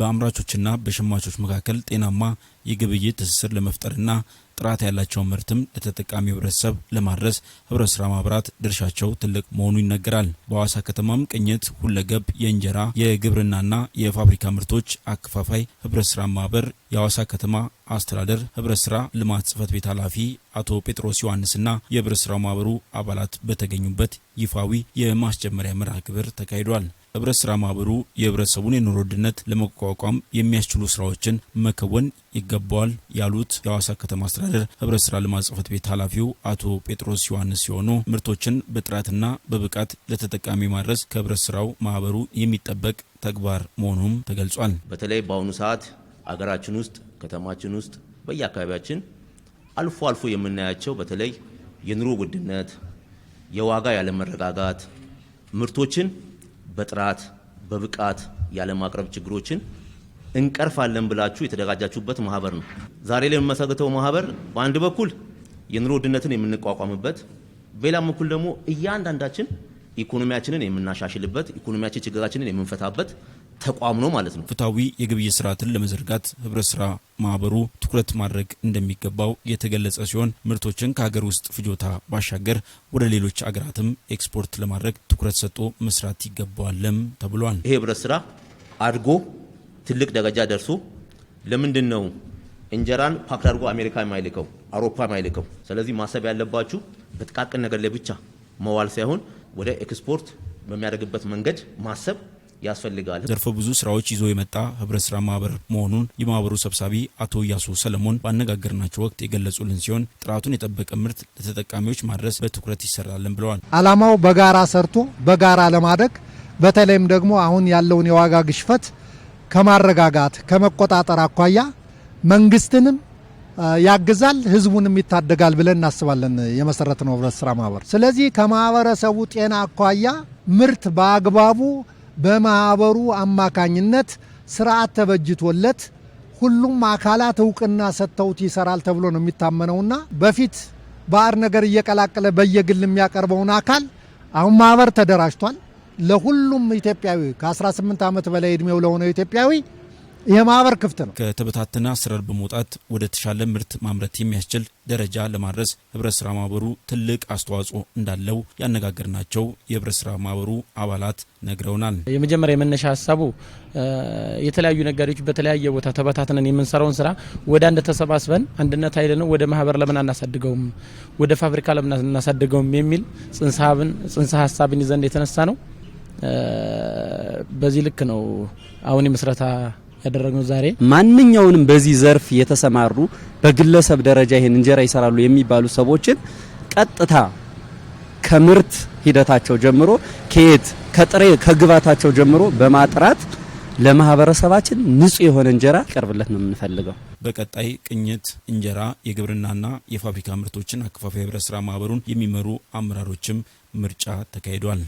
በአምራቾችና በሸማቾች መካከል ጤናማ የግብይት ትስስር ለመፍጠርና ጥራት ያላቸውን ምርትም ለተጠቃሚ ህብረተሰብ ለማድረስ ህብረት ስራ ማህበራት ድርሻቸው ትልቅ መሆኑ ይነገራል። በሐዋሳ ከተማም ቅኝት፣ ሁለገብ የእንጀራ የግብርናና የፋብሪካ ምርቶች አከፋፋይ ህብረት ስራ ማህበር የሐዋሳ ከተማ አስተዳደር ህብረት ስራ ልማት ጽህፈት ቤት ኃላፊ አቶ ጴጥሮስ ዮሐንስና የህብረት ስራ ማህበሩ አባላት በተገኙበት ይፋዊ የማስጀመሪያ መርሃ ግብር ተካሂዷል። ህብረት ስራ ማህበሩ የህብረተሰቡን የኑሮ ውድነት ለመቋቋም የሚያስችሉ ስራዎችን መከወን ይገባዋል ያሉት የሐዋሳ ከተማ አስተዳደር ህብረት ስራ ልማት ቤት ኃላፊው አቶ ጴጥሮስ ዮሐንስ ሲሆኑ ምርቶችን በጥራትና በብቃት ለተጠቃሚ ማድረስ ከህብረት ስራው ማህበሩ የሚጠበቅ ተግባር መሆኑም ተገልጿል። በተለይ በአሁኑ ሰዓት አገራችን ውስጥ ከተማችን ውስጥ በየአካባቢያችን አልፎ አልፎ የምናያቸው በተለይ የኑሮ ውድነት፣ የዋጋ ያለመረጋጋት ምርቶችን በጥራት በብቃት ያለማቅረብ ችግሮችን እንቀርፋለን ብላችሁ የተደራጃችሁበት ማህበር ነው። ዛሬ ላይ የምመሰረተው ማህበር በአንድ በኩል የኑሮ ውድነትን የምንቋቋምበት፣ በሌላም በኩል ደግሞ እያንዳንዳችን ኢኮኖሚያችንን የምናሻሽልበት፣ ኢኮኖሚያችን ችግራችንን የምንፈታበት ተቋም ነው ማለት ነው። ፍትሐዊ የግብይት ስርዓትን ለመዘርጋት ህብረት ስራ ማህበሩ ትኩረት ማድረግ እንደሚገባው የተገለጸ ሲሆን ምርቶችን ከሀገር ውስጥ ፍጆታ ባሻገር ወደ ሌሎች አገራትም ኤክስፖርት ለማድረግ ትኩረት ሰጥቶ መስራት ይገባዋለም ተብሏል። ይሄ ህብረት ስራ አድጎ ትልቅ ደረጃ ደርሶ ለምንድን ነው እንጀራን ፓክድ አድርጎ አሜሪካ የማይልከው አውሮፓ የማይልከው? ስለዚህ ማሰብ ያለባችሁ በጥቃቅን ነገር ላይ ብቻ መዋል ሳይሆን ወደ ኤክስፖርት በሚያደርግበት መንገድ ማሰብ ያስፈልጋል። ዘርፈ ብዙ ስራዎች ይዞ የመጣ ህብረት ስራ ማህበር መሆኑን የማህበሩ ሰብሳቢ አቶ እያሱ ሰለሞን ባነጋገርናቸው ወቅት የገለጹልን ሲሆን ጥራቱን የጠበቀ ምርት ለተጠቃሚዎች ማድረስ በትኩረት ይሰራልን ብለዋል። አላማው በጋራ ሰርቶ በጋራ ለማደግ በተለይም ደግሞ አሁን ያለውን የዋጋ ግሽፈት ከማረጋጋት ከመቆጣጠር አኳያ መንግስትንም ያግዛል፣ ህዝቡንም ይታደጋል ብለን እናስባለን። የመሰረት ነው ህብረት ስራ ማህበር። ስለዚህ ከማህበረሰቡ ጤና አኳያ ምርት በአግባቡ በማኅበሩ አማካኝነት ስርዓት ተበጅቶለት ሁሉም አካላት እውቅና ሰጥተውት ይሰራል ተብሎ ነው የሚታመነውና በፊት ባዕድ ነገር እየቀላቀለ በየግል የሚያቀርበውን አካል አሁን ማኅበር ተደራጅቷል። ለሁሉም ኢትዮጵያዊ ከ18 ዓመት በላይ ዕድሜው ለሆነው ኢትዮጵያዊ የማህበር ክፍት ነው። ከተበታተነ አሰራር በመውጣት ወደ ተሻለ ምርት ማምረት የሚያስችል ደረጃ ለማድረስ ህብረት ስራ ማህበሩ ትልቅ አስተዋጽኦ እንዳለው ያነጋገርናቸው የህብረት ስራ ማህበሩ አባላት ነግረውናል። የመጀመሪያ የመነሻ ሀሳቡ የተለያዩ ነጋዴዎች በተለያየ ቦታ ተበታትነን የምንሰራውን ስራ ወደ አንድ ተሰባስበን አንድነት ኃይል ነው ወደ ማህበር ለምን አናሳድገውም፣ ወደ ፋብሪካ ለምን አናሳድገውም የሚል ጽንሰ ሀሳብን ይዘን የተነሳ ነው። በዚህ ልክ ነው አሁን የምስረታ ያደረግነው ዛሬ ማንኛውንም በዚህ ዘርፍ የተሰማሩ በግለሰብ ደረጃ ይሄን እንጀራ ይሰራሉ የሚባሉ ሰዎችን ቀጥታ ከምርት ሂደታቸው ጀምሮ ከየት ከጥሬ ከግባታቸው ጀምሮ በማጥራት ለማህበረሰባችን ንጹህ የሆነ እንጀራ ይቀርብለት ነው የምንፈልገው። በቀጣይ ቅኝት እንጀራ የግብርናና የፋብሪካ ምርቶችን አከፋፋይ ህብረት ስራ ማህበሩን የሚመሩ አመራሮችም ምርጫ ተካሂዷል።